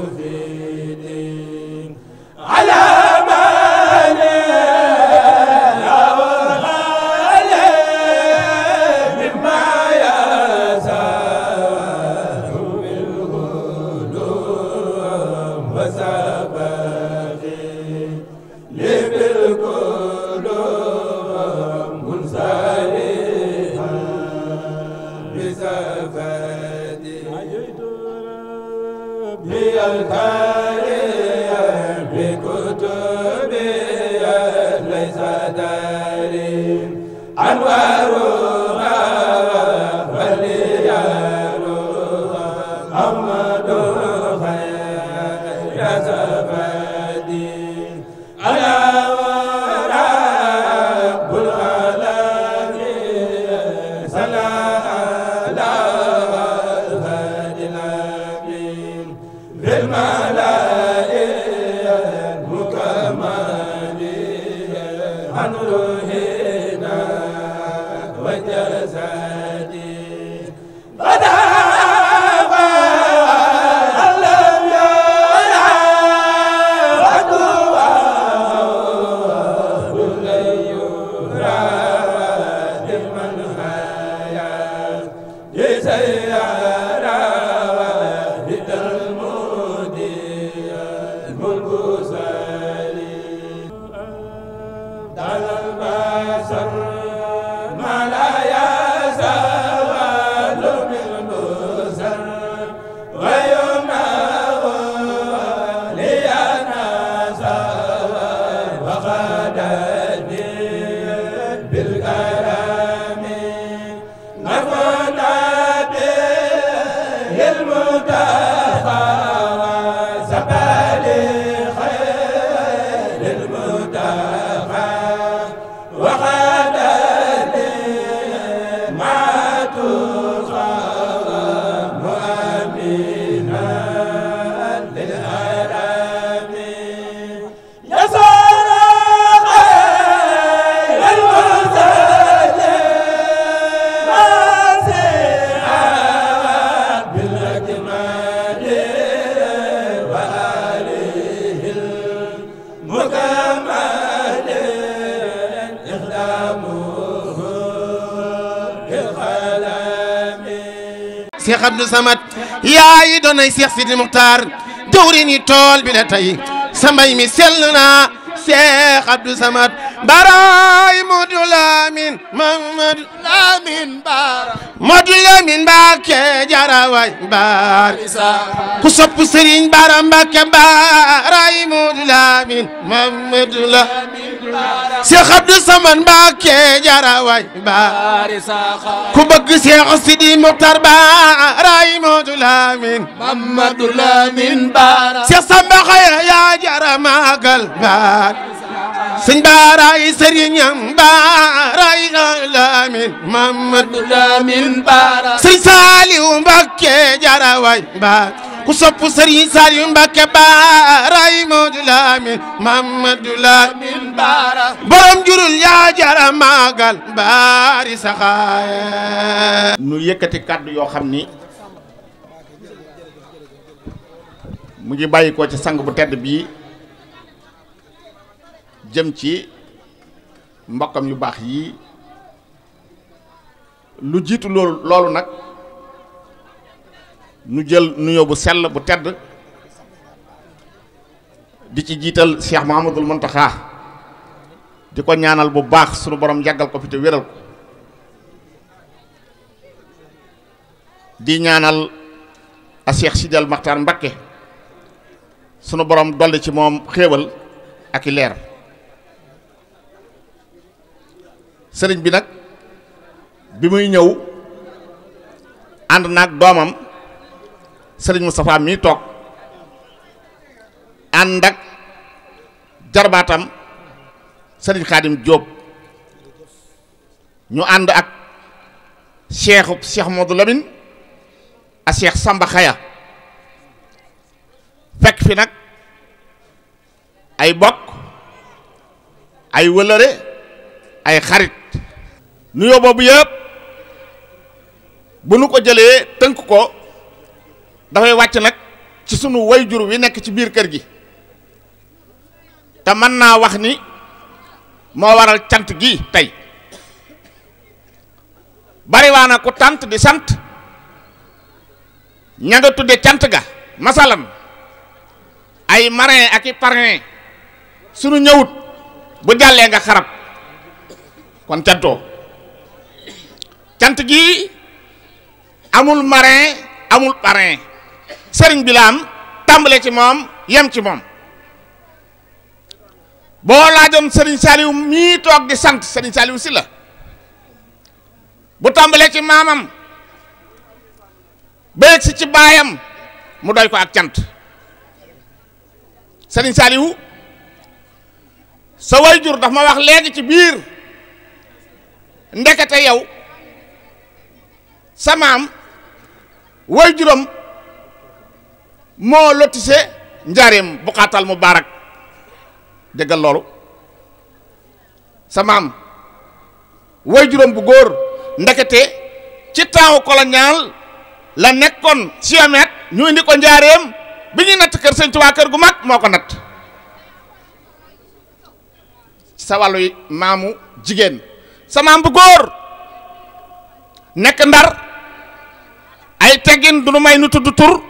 التوفيق على sala Cheikh Abdou Samad yaayi doonay Cheikh Sidi Muxtaar jawri ni tool bi la tey sa mbay mi sell na Cheikh Abdou Samad baray Modu Lamin Mamad Lamin Bara Modu Lamin Mbàkke jaraway bar ku sopp Serigne Bara Mbàkke baray Modu Lamin Mamad Lamin Cheikh Abdou Samane Mbacké jara way ba ku bëgg Cheikh Sidi Mokhtar ba ray Modou Lamine Mamadou Lamine Bara Cheikh Samba Khaya ya jara magal ba Sëñ Bara ay sëriñam ba ray Lamine Mamadou Lamine Bara Sëñ Saliou Mbacké jara way ba ku sopp Serigne Saliou Mbacké ba ray Modou Lamine Mamadou Lamine borom jurul yaa jara maagal baari saxaaya nu yëkkati kàddu yoo xam ni mu ngi bàyyikoo ci sang bu tedd bii jëm ci mbokkam yu baax yi lu jiitu loolu nag nu jël nuyoo bu sell bu tedd di ci jiital Cheikh Mouhamadoul Mountakha di ko ñaanal bu baax sunu boroom yàggal ko fi te wéral ko di ñaanal a Cheikh Sidial Maxtaar Mbakke sunu borom dolli ci moom xéewal ak i leer sëriñ bi nag bi muy ñëw ànd naag doomam sëriñ Moustapha mii toog ànd ak jarbaatam sëriñ xaadim Diop ñu ànd ak cheikhu cheikh Modou Lamine ak cheikh Samba Xaya fekk fi nag ay bokk ay wëlëre ay xarit nuyoo boobu yëpp bu nu ko jëlee tënk ko dafay wàcc nag ci sunu woy wayjur wi nekk ci biir kër gi te mën naa wax ni moo waral cant gi tey bariwaa na ku tant di sant ña nga tudde cant ga masalan ay marin ak i parrain suñu ñëwut bu jàllee nga xarab kon cantoo cant gi amul marin amul parrain sëriñ bi tàmbale ci moom yem ci moom boo laajoon Serigne Saliou mii toog di sant Serigne Saliou si la bu tàmbalee ci maamam ba si ci baayam mu doy ko ak cant Serigne Saliou sa wayjur daf ma wax léegi ci biir ndekete yow sa maam juram moo lotise njaareem bu xaatal mu baarak déggal loolu sa maam juróom bu góor ndekete ci temps colonial la nekkoon siomètre ñu indi ko njaareem bi ñuy natt kër sëñ kër gu mag moo ko natt sa wàllu maamu jigéen sa bu góor nekk ndar ay teggin du nu may nu tudd tur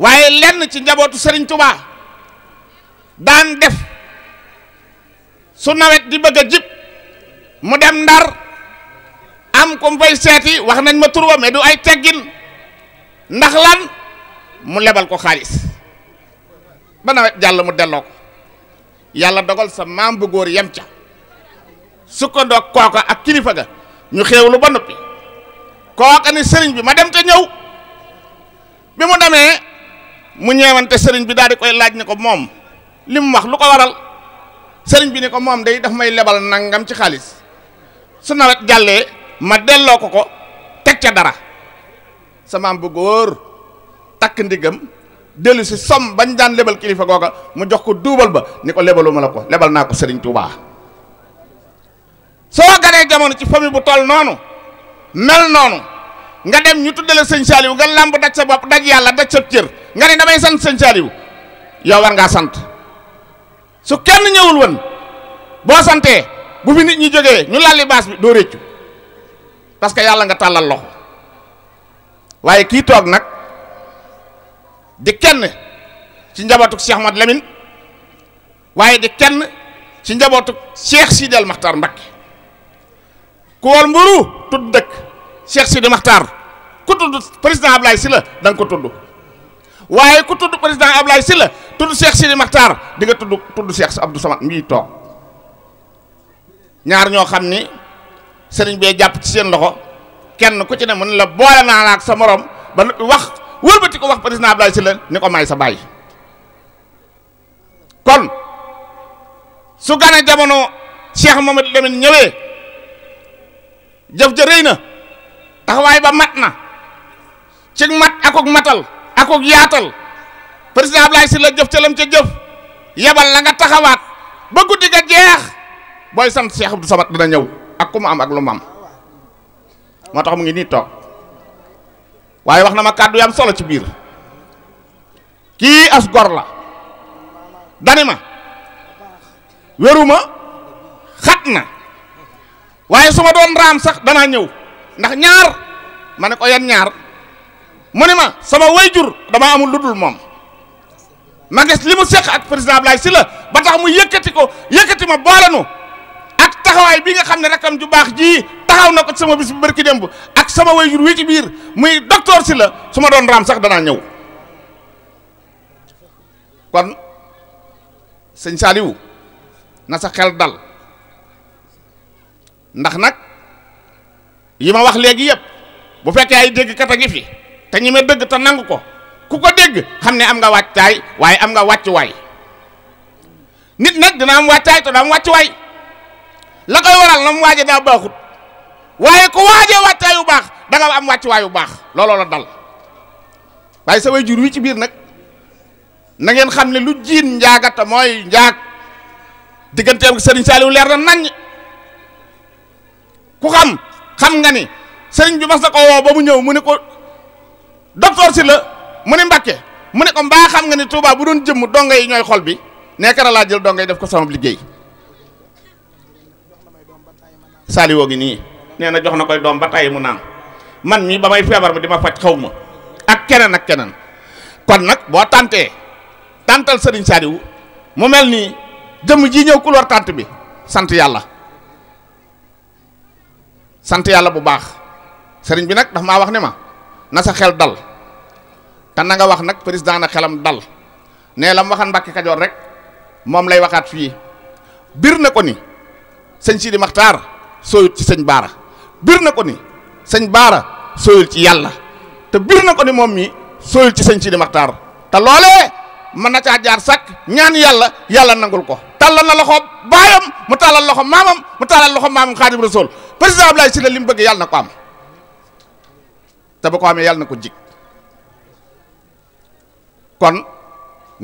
waaye lenn ci njabootu sëriñ daan def su nawet di bëgg a jib mu dem ndar am ko mu fay seeti wax nañ ma tur wa ay teggin ndax lan mu lebal ko xaalis ba nawet jàll mu delloo ko yàlla dogal sa maam bu góor yem ca su ko doog kooka ak kilifa ga ñu xéewlu ba noppi kooka ni sëriñ bi ma dem te ñëw bi mu demee mu ñeewante sëriñ bi daal di koy laaj ne ko moom li wax lu ko waral sëriñ bi ni ko moom day daf may lebal nangam ci xaalis su nawet jàllee ma delloo ko ko teg ca dara samaam bu góor takk ndigam dellu si som bañ daan lebal kilifa googa mu jox ko duubal ba ni ko lebaloo lebaluma la ko lebal naa ko sëriñ Tuubaa soo ganee jamono ci famille bu toll noonu mel noonu nga dem ñu tuddale sëñ Saaliw nga làmb daj sa bopp daj yàlla daj sa cër nga ne damay sant sëñ Saaliw yow war ngaa sant su kenn ñëwul woon boo santee bu fi nit ñi jógee ñu lalli baas bi doo réccu parce que yàlla nga tàllal loxo waaye kii toog nag di kenn ci njabootu Cheikh Mat Lamine waaye di kenn ci njabootu Cheikh Sidi El Makhtar Mbacké ku wol mburu tudd dëkk Cheikh Sidi Makhtar ku tudd président Ablaye Sylla da nga ko tudd waaye ku tudd président Ablaye Sylla tudd Cheikh Sidi Maxtaar di nga tudd tudd Cheikh Abdou Samad mii toog ñaar ñoo xam ni sëriñ bee jàpp ci seen loxo kenn ku ci ne mën la boole naa la sa moroom ba wax wëlbati ko wax président Abdoulaye Sylla ni ko may sa bàyyi kon su gane jamono Cheikh Mamadou Lamine ñëwee jëf ja rëy na taxawaay ba mat na ci mat akok matal akok yaatal président Ablaye si la jëf ca lam ca jëf yebal la nga taxawaat ba guddi ga jeex booy sant Cheikh Abdou Samad dina ñëw ak ku mu am ak lu mu moo tax mu ngi nii toog waaye wax na ma kàddu yam solo ci biir kii as gor la dani ma wéruma xat na waaye su ma doon raam sax danaa ñëw ndax ñaar ma ne ko yan ñaar mu ne ma sama wayjur dama amul lu dul moom ma gis li mu seq ak président si la ba tax mu yëkkati ko yëkkati ma boolanu ak taxawaay bi nga xam ne rakam ju baax ji taxaw na ko sama bis bu dem démb ak sama wayjur wi ci biir muy docteur la su ma doon raam sax danaa ñëw kon sëñ Saliou na sa xel dal ndax nag yi ma wax léegi yëpp bu fekkee ay dégg kat a ngi fi te ñi ma dëgg te nangu ko ku ko dégg xam ne am nga wàccaay waaye am nga wàccuwaay nit nag dina am wàccaay te dina am wàccuwaay la koy waral na mu waaje daa baaxut waaye ku waaje wàccaay yu baax da nga am wàccuwaay yu baax looloo la dal waaye sa jur wi ci biir nag na ngeen xam ne lu jiin njaagata mooy njaag digganteem sëriñ Saliou leer na naññ ku xam xam nga ni sëriñ bi mas na ko woo ba mu ñëw mu ne ko docteur si la mu ne Mbàkke mu ne ko mbaa xam nga ne Touba bu doon jëmm donga yi ñooy xol bi nekkara laa jël donga yi def ko sama liggéey saaliwoo gi nii nee na jox na koy doom ba tàyyi mu naan man mii ba may feebar bi di ma faj xaw ma ak keneen ak keneen kon nag boo tàntee tàntal sëriñ saaliwu mu mel nii jëmm ji ñëw couleur tànt bi sant yàlla sant yàlla bu baax sëriñ bi nag daf maa wax ne ma na sa xel dal te nga wax nag président na xelam dal nee la mu waxan Mbàkke Kajoor rek moom lay waxaat fii bir na ko ni sëñ Sidi Maxtaar sooyut ci sëñ Baara biir na ko ni sëñ Baara sooyul ci yàlla te bir na ko ni moom mii sooyul ci sëñ Sidi Maxtaar te loolee mën na caa jaar sàkk ñaan yàlla yàlla nangul ko tàllal na loxo baayam mu tàllal loxo maamam mu tàllal loxo maamam Xaadim Rasuul président Abdoulaye Sylla li mu bëgg yàlla na ko am te bu ko amee yàlla na ko jig kon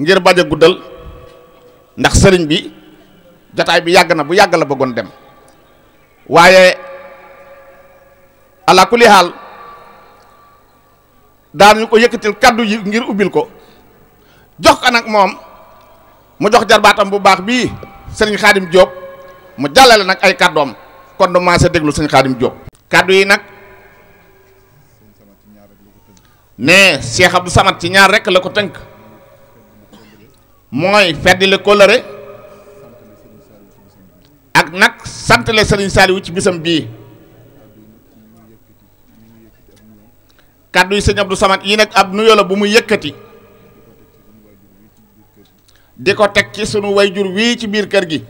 ngir bañ a guddal ndax sëriñ bi jataay bi yàgg na bu yàgg la bëggoon dem waaye ala kulli xaal daan ñu ko yëkkatil kàddu yi ngir ubbil ko jox ko nag moom mu jox jarbaatam bu baax bii sëriñ xaadim Diop mu jàllale nag ay kàddoom kon du maase déglu sëriñ xaadim Diop. kaddu yi nag. ne Cheikh Abdou Samad ci ñaar rekk la ko tënk mooy feddi la kóllëre ak nag santle la Serigne ci bisam bii kàddu yi sëñ Abdou samat yi nag ab nuyoo bu mu yëkkati di ko teg ci sunu way jur wii ci biir kër gi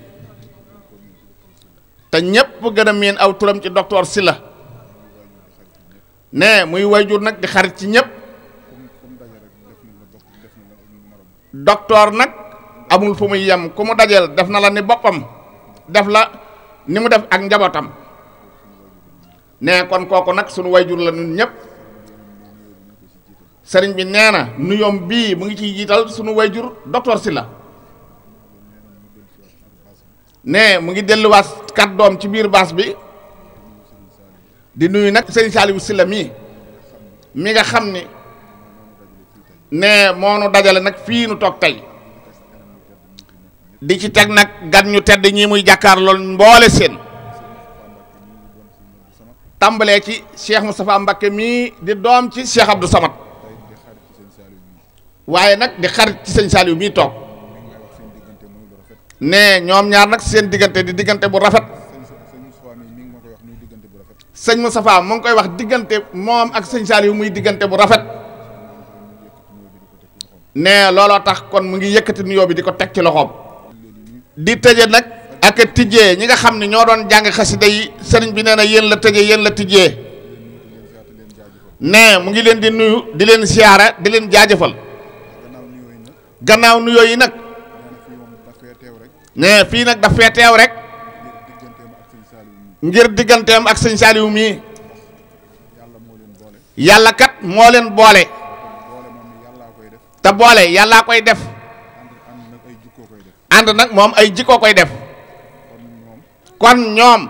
te ñépp gën a miin aw turam ci docteur Sylla ne muy wayjur nag di xarit ci ñëpp docteur nag amul fu muy yem ku mu dajeel def na la ni boppam def la ni mu def ak njabootam ne kon kooku nag sunu wayjur la ñun ñëpp sëriñ bi nee na nuyoom bii mu ngi ciy jiital sunu wayjur docteur si la ne mu ngi delluwaat kat doom ci biir baas bi di nuyu nag sëñ Saliou Sylla mii mi nga xam ni ne moo nu dajale nag fii nu toog tey di ci teg nag gan ñu tedd ñi muy jàkkaar lool mboole seen tàmbalee ci Cheikh Moustapha Mbacké mii di doom ci Cheikh Abdou samat waaye nag di xarit ci sëñ Saliou mii toog ne ñoom ñaar nag seen diggante di diggante bu rafet sëñ Moustapha mu ngi koy wax diggante moom ak sëñ Saliou muy diggante bu rafet ne looloo tax kon mu ngi yëkkati nuyoo bi di ko teg ci loxoom. di tëje nag ak tijjee ñi nga xam ne ñoo doon jàng xasida yi sëriñ bi nee na yéen la tëjee yéen la tijjee ne mu ngi leen di nuyu di leen siyaara di leen jaajëfal gannaaw nuyoo yi nag ne fii nag daf fee teew rek. ngir digganteem ak sëñ Saliou mii yàlla kat moo leen boole te boole yàllaa koy def ànd nag moom ay jikkoo koy def kon ñoom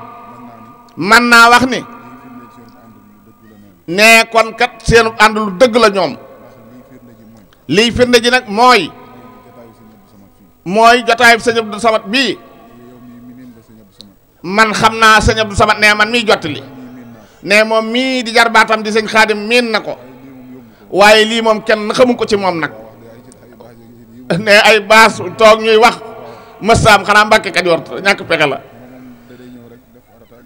man naa wax ni ne kon kat seen ànd lu dëgg la ñoom liy firnde ji nag mooy mooy jotaayu sëñ Abdou bii man xam naa sëñ Abdou Samad nee man mii jottali ne moom mii di jarbaatam baatam di sëñ xaadim miin na ko waaye lii moom kenn xamu ko ci moom nag ne ay baas toog ñuy wax mësaam xanaa mbàkke kajoor ñàkk pexe la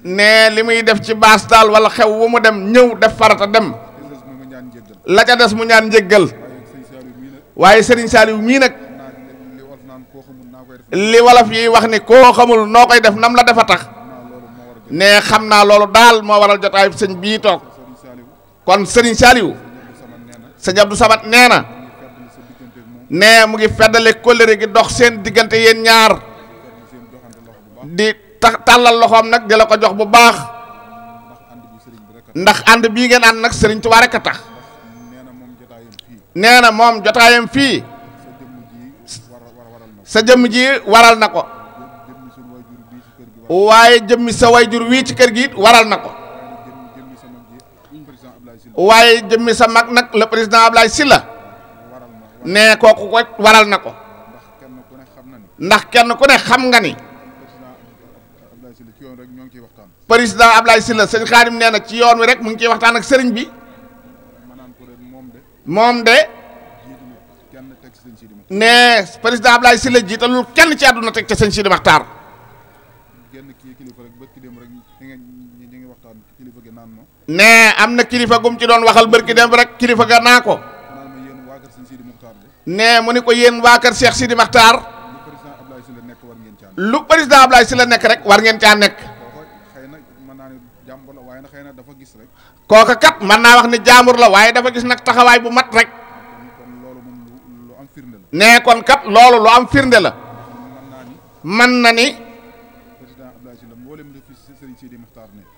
ne li muy def ci baas daal walla xew wu mu dem ñëw def farata dem la ca des mu ñaan njéggal waaye sëriñ Saaliw mii nag li wolof yi wax ni koo xamul noo koy def nam la defa tax ne xam naa loolu daal moo waral jotaay sëñ bii toog kon sëriñ Saliou sëñ Abdou Samad nee na ne mu ngi feddale kóllëre gi dox seen diggante yéen ñaar di tax tàllal loxoom nag di la ko jox bu baax ndax ànd bii ngeen ànd nag sëriñ Tuubaa rekk a tax nee na moom jotaayam fii sa jëmm ji waral na ko waaye jëmmi sa jur wii ci kër gi it waral na ko waaye jëmmi sa mag nag le président Ablaye Sylla ne kooku ko waral na ko ndax kenn ku ne xam nga ni président Ablaye Sylla sëñ Xaadim nee na ci yoon wi rek mu ngi ciy waxtaan ak sëriñ bi moom de ne président si la jiitalul kenn ci àdduna teg ca sëñ Sidi Maxtaar ne am na kilifa gum ci doon waxal bërki dem rek kilifa ga naa ko ne mu ni ko yéen waa kër Cheikh Sidi Maxtaar lu président Ablaye Sylla nekk rek war ngeen caa nekk kooka kat mën naa wax ni jaambur la waaye dafa gis nag taxawaay bu mat rek nee kon kat loolu lu am firnde la man na ni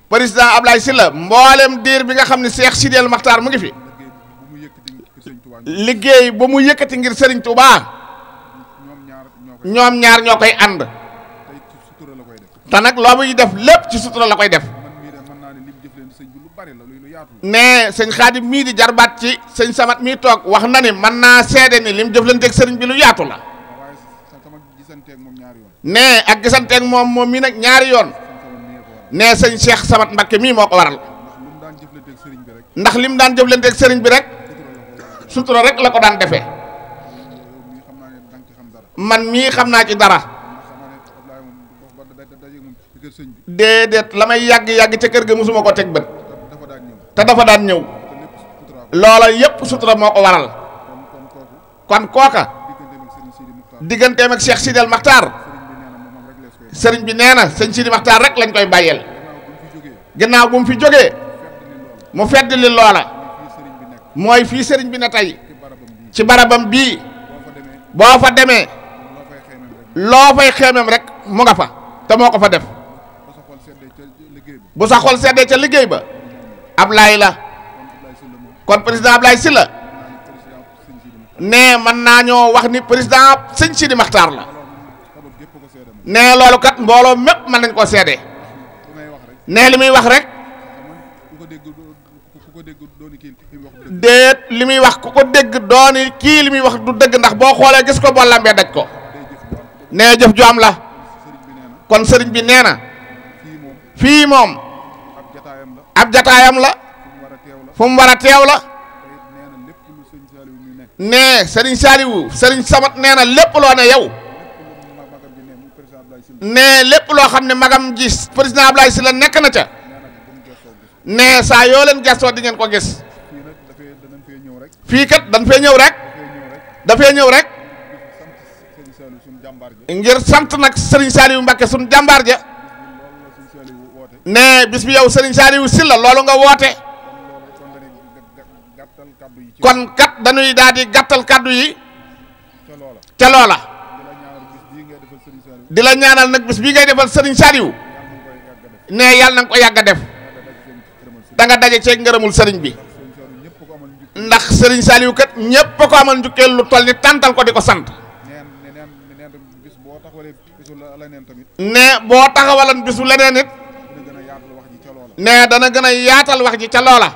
président Ablaye Sylla mboolem diir bi nga xam ne seex Sidi El mu ngi fi liggéey ba mu yëkkati ngir Serigne Touba ñoom ñaar ñoo koy ànd te nag loo muy def lépp ci sutura la koy def ne sëñ xaadim mii di jarbaat ci sëñ samat mii toog wax na ne man naa seede ni lim jëflanteeg sëriñ bi lu yaatu la nee ak gisanteeg moom moom mii nag ñaari yoon ne sëñ Cheikh samat Mbakke mii moo ko waral ndax lim daan jëflanteeg sëriñ bi rek sutura rek la ko daan defe man mii xam naa ci dara déedéet la may yàgg yàgg ca kër ga mosuma ko teg bët te dafa daan ñëw loola yépp sutura moo ko waral kon kooka digganteem ak Cheikh Sidel Maxtaar sëriñ bi nee na sëñ Sidi Maxtaar rek lañ koy bàyyeel ginnaaw bu mu fi jógee mu fedd li loola mooy fii sëriñ bi ne tey ci barabam bii boo fa demee loo fay xeemem rek mu nga fa te moo ko fa def bu sa xol seddee ca liggéey ba ab Ablaye la kon président si la nee mën naa ñoo wax ni président sëñ Sidi maxtar la nee loolu kat mbooloo mépp mën nañ koo seede nee li muy wax rek déet li muy wax ku ko dégg dooni kii li muy wax du dëgg ndax boo xoolee gis ko boo lambee daj ko nee jëf ju am la kon sëriñ bi nee na fii moom ab jataayam la fu mu war a teew la nee Serigne Saliou sëriñ Samat nee na lépp loo ne yow nee lépp loo xam ne magam ji président Ablaye Sylla nekk na ca nee saa yoo leen gëstoo di ngeen ko gis fii kat dañ fee ñëw rek dafee ñëw rek ngir sant nag Serigne Saliou Mbacké suñu jàmbaar ja ne bis bi yow Serigne Saliou Sylla loolu nga woote kon kat dañuy daal di gàttal kàddu yi te loola di la ñaanal nag bis bii ngay defal Serigne Saliou ne yàlla na nga ko yàgg def da nga daje ceeg ngërëmul Serigne bi ndax Serigne Saliou kat ñépp ko amal njukkeel lu toll ni tàntal ko di ko sant. ne boo taxawalan bisu leneen it. nee dana gën a yaatal wax ji ca loola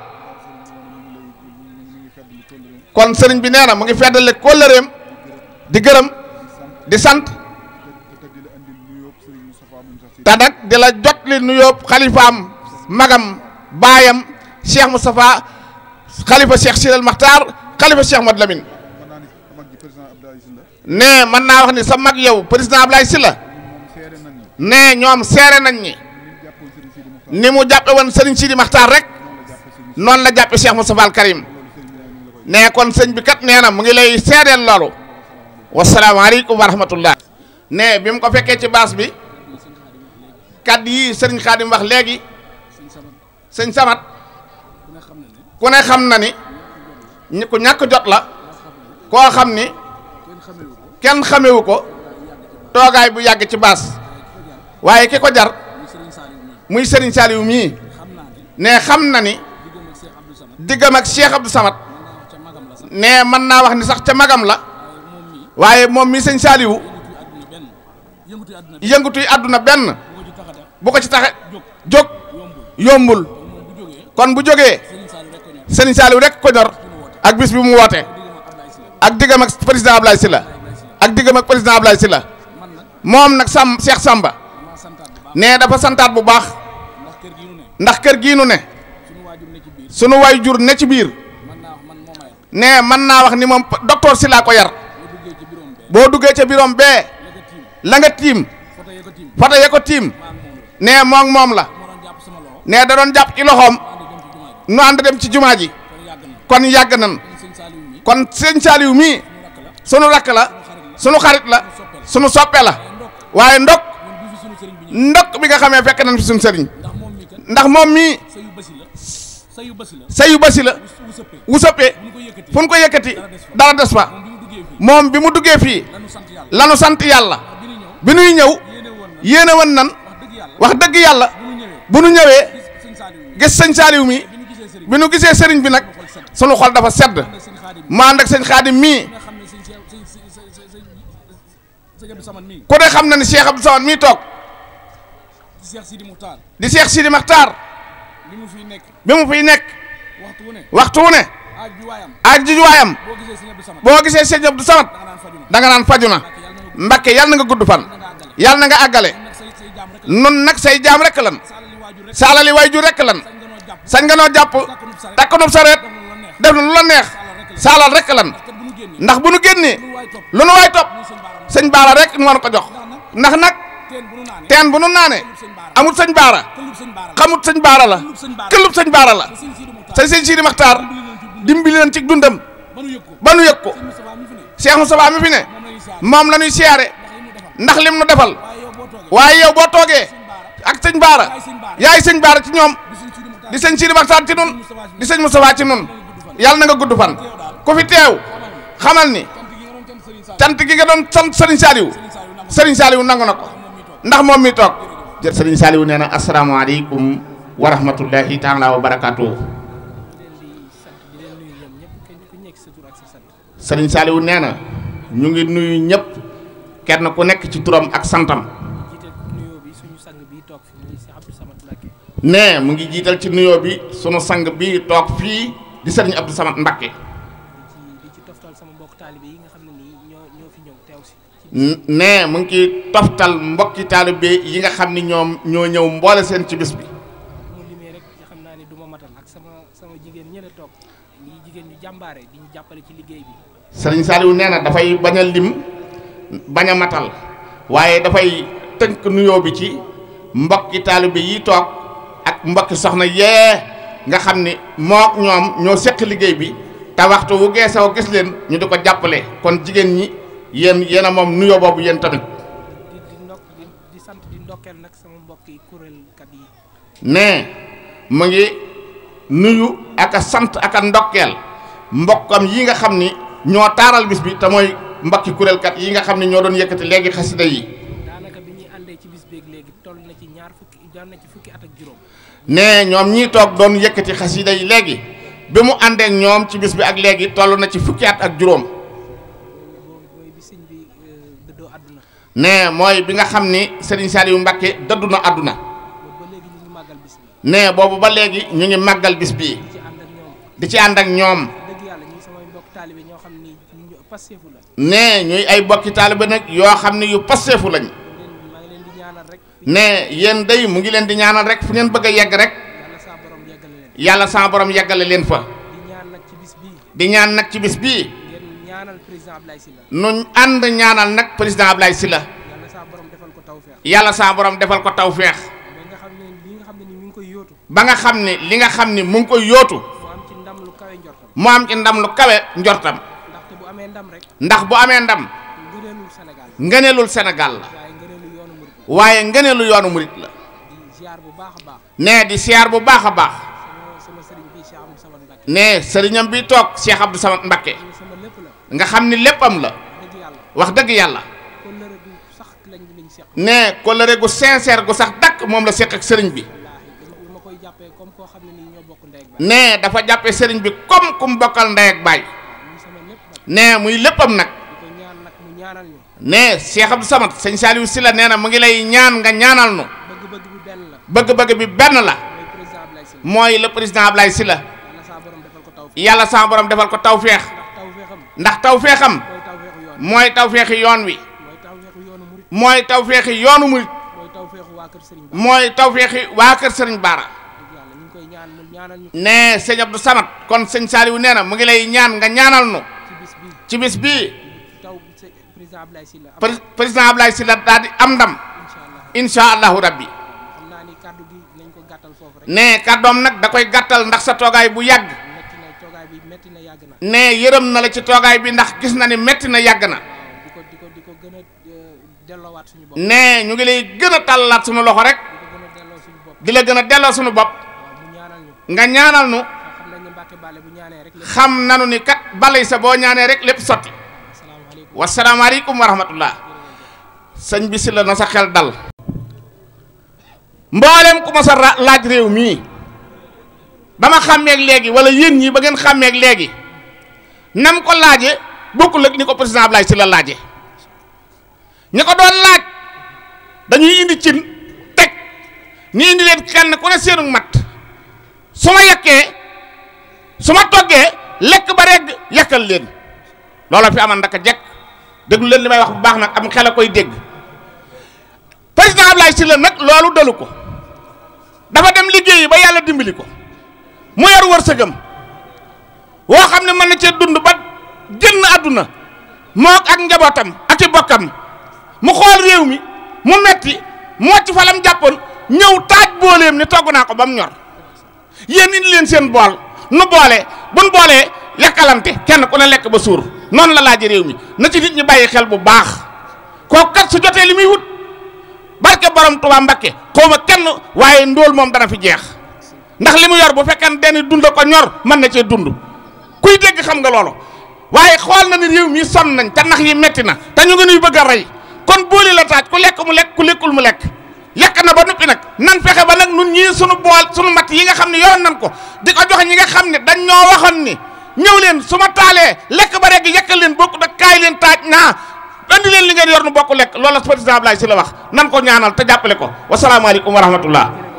kon sëriñ bi nee mu ngi feddale kóllëreem di gërëm di sant te nag di la jot li nuyoo xalifaam magam baayam Cheikh Moustapha xalifa Cheikh Sidal Maxtaar xalifa Cheikh Mad Lamine nee mën naa wax ni sa mag yow président Ablaye Sylla nee ñoom seere nañ ñi ni mu jàppe woon Serigne Sidi Maxtaar rek noonu la jàppe Cheikh Moustapha al Karim ne kon sëñ bi kat nee na mu ngi lay seedeel loolu wasalaamaaleykum wa rahmatullah ne bi mu ko fekkee ci baas bi kàddu yii sëriñ Xaadim wax léegi sëñ Samat ku ne xam na ni ku ñàkk jot la koo xam ni kenn xamewu ko toogaay bu yàgg ci baas waaye ki ko jar muy Serigne Saliou mii ne xam na ni diggam ak Cheikh Abdou Samad ne mën naa wax ni sax ca magam la waaye moom mii sëñ Saliou yëngatuy àdduna benn bu ko ci taxe jóg yombul kon bu jógee Serigne Saliou rek ko ak bis bi mu woote ak diggam ak président Ablaye la ak diggam ak président Ablaye Sylla moom nag sàmm Cheikh Samba. nee dafa santaat bu baax ndax kër gii nu ne sunu waay jur ne ci biir nee man naa wax ni moom docteur si laa ko yar boo duggee ca biroom bee la tiim foto ya ko tiim nee moom moom la nee da doon jàpp ci loxoom nu ànd dem ci jumaa ji kon yàgg nan kon sëñ Saaliw mii sunu rakk la sunu xarit la sunu soppe la waaye ndok ndok bi nga xamee fekk nañ fi suñu sëriñ ndax moom mii sayu basi la wu sëppee fu ñu ko yëkkati dara des fa moom bi mu duggee fii lanu sant yàlla bi nuy ñëw yéene woon nan wax dëgg yàlla bu nu ñëwee gis sëñ saaliw mi bi nu gisee sëriñ bi nag sunu xol dafa sedd ma ànd ak sëñ xaadim mii ku ne xam na ni Cheikh Abdou Samane mii toog di Cheikh Sidi Muxtaar di Cheikh Sidi Muxtaar bi mu fiy nekk bi mu fiy nekk waxtu wu ne waxtu wu ne boo gisee sëñ du Samad da nga naan faju na Mbàkke yàlla na nga gudd fan yàlla na nga àggale nun nag say jaam rek lan sa alali waajur rek lan sañ nga noo jàpp takkanub sareet def na lu la neex saalal rek lan ndax bu nu génnee lu nu waay topp sëñ baara rek nu war ko jox ndax nag teen bu nu naanee amut sëñ baara xamut sëñ baara la këllub sëñ baara la te sëñ Sidi Maxtaar dimbali leen ci dundam ba nu yëg ko Cheikh Moustapha mi fi ne moom la ñuy siyaare ndax lim nu defal waaye yow boo toogee ak sëñ baara yaay sëñ baara ci ñoom di sëñ Sidi Maxtaar ci nun di sëñ Moustapha ci nun yàlla na nga gudd fan ku fi teew xamal ni cant gi nga doon sant Serigne Saliou Serigne Saliou nangu na ko ndax moom mi toog jër sëriñ nee na asalaamaaleykum wa rahmatullahi taala wa barakaatu sëriñ Saliou nee na ñu ngi nuyu ñëpp kenn ku nekk ci turam ak santam ne mu ngi jiital ci nuyo bi sunu sang bi toog fii di sëriñ Abdou Samad Mbakke ne mu ngi ci toftal mbokki taalibe yi nga xam ni ñoom ñoo ñëw mboole seen ci bis bi sëriñ Saliou nee na dafay bañ a lim bañ a matal waaye dafay tënk nuyoo bi ci mbokki taalibe yi toog ak mbokki soxna yee nga xam ni mook ñoom ñoo seq liggéey bi te waxtu wu geesoo gis leen ñu di ko jàppale kon jigéen ñi yéen yéen a moom nuyoo boobu yéen tamit. di sant di nag sama mbokki kuréelkat yi. nee mu ngi nuyu aka sant ak a ndokkeel mbokkam yi nga xam ni ñoo taaral bis bi te mooy mbokki kuréelkat yi nga xam ni ñoo doon yëkkati léegi xasida yi. daanaka bi ñuy àndee ci bis beeg léegi toll na ci ñaar fukki toll ci fukki ak juróom. nee ñoom ñii toog doon yëkkati xasida yi léegi bi mu àndeek ñoom ci bis bi ak léegi toll na ci fukki at ak juróom. ne mooy bi nga xam ni Serigne Saliou Mbacke dëddu na àdduna nee boobu ba léegi ñu ngi màggal bis bi di ci ànd ak ñoom ne ñuy ay bokki taalibe nag yoo xam ni yu passeefu lañ ne yéen day mu ngi leen di ñaanal rek fu ngeen bëgg a yegg rek yàlla saa borom yeggale leen fa di ñaan nag ci bis bii nuñ ànd ñaanal nag président Ablaye Sylla yàlla saa borom defal ko tawféex ba nga xam ne li nga xam ne mu ngi koy yóotu mu am ci ndam lu kawe njortam ndax bu amee ndam ngëneelul Sénégal la waaye ngëneelu yoonu murit la nee di siyaar bu baax a baax nee sëriñam bi toog Cheikh Abdou Samad Mbacké nga xam ni lépp am la wax dëgg yàlla ne kóllëre gu sincère gu sax dakk moom la seq sëriñ bi ne dafa jàppe sëriñ bi comme ku mu bokkal ndey ak baay ne muy léppam nag ne Cheikh Abdou Samad sëñ Saliou Sylla nee na mu ngi lay ñaan nga ñaanal nu bëgg-bëgg bi benn la mooy le président Ablaye Sylla yàlla sa defal ko tawféex ndax tawféexam mooy tawféexi yoon wi mooy tawféexi yoonu murit mooy tawféexi waa kër sëriñ Baara ne sëñ Abdou Samad kon sëñ Saliou nee na mu ngi lay ñaan nga ñaanal nu ci bis bii président Ablaye Sylla daal di am ndam incha allahu rabbi ne kàddoom nag da koy gàttal ndax sa toogaay bu yàgg. ne yërëm na la ci toogaay bi ndax gis na ne metti na yàgg na eh, ne ñu ngi lay gën a tàllaat suma loxo rek di la gën a delloo suñu bopp nga ñaanal nu xam nanu ni kat balay sa boo ñaanee rek lépp sotti wasalaamaaleykum wa rahmatullah sëñ bi la na sa xel dal mboolem ku ma sa laaj réew mii ba ma xàmmeeg léegi wala yéen ñi ba ngeen xàmmeeg léegi nam ko laaje bokkul ak ni ko président Ablaye si la laaje ñu ko doon laaj dañuy indi cin teg ñu indi leen kenn ku ne seenu mat su ma yekkee su ma toggee lekk ba regg yekkal leen loola fi aman ndaka jekk déglu leen li may wax bu baax nag am xel a koy dégg président Ablaye si la nag loolu dalu ko dafa dem liggéeyi ba yàlla dimbali ko mu yor wërsëgam woo xam ne man na cee dund ba génn àdduna mook ak njabootam ak i bokkam mu xool réew mi mu metti mocc falam jàppoon ñëw taaj booleem ni togg naa ko ba mu ñor yéen indi leen seen bool nu boole buñ boolee lekkalante kenn ku na lekk ba suur noonu la laaj réew mi na ci nit ñi bàyyi xel bu baax kooku kat su jotee li muy wut barke borom Tuubaa Mbakke xaw ma kenn waaye ndóol moom dana fi jeex ndax li mu yor bu fekkee ne denn dund ko ñor mën na cee dund kuy dégg xam nga loolu waaye xool na ni réew mi sonn nañ te nax yi metti na te ñu ngi nuy bëgg a rey kon booli la taaj ku lekk mu lekk ku lekkul mu lekk lekk na ba noppi nag nan fexe ba nag nun ñii sunu bool sunu mat yi nga xam ne yoroon nan ko di ko joxe ñi nga xam ne dañ ñoo waxoon ni ñëw leen su ma taalee lekk ba rek yekkal leen bokku da kaay leen taaj naa andi leen li ngeen yor nu bokk lekk loola président Abdoulaye Sylla wax nan ko ñaanal te jàppale ko wasalaamaaleykum wa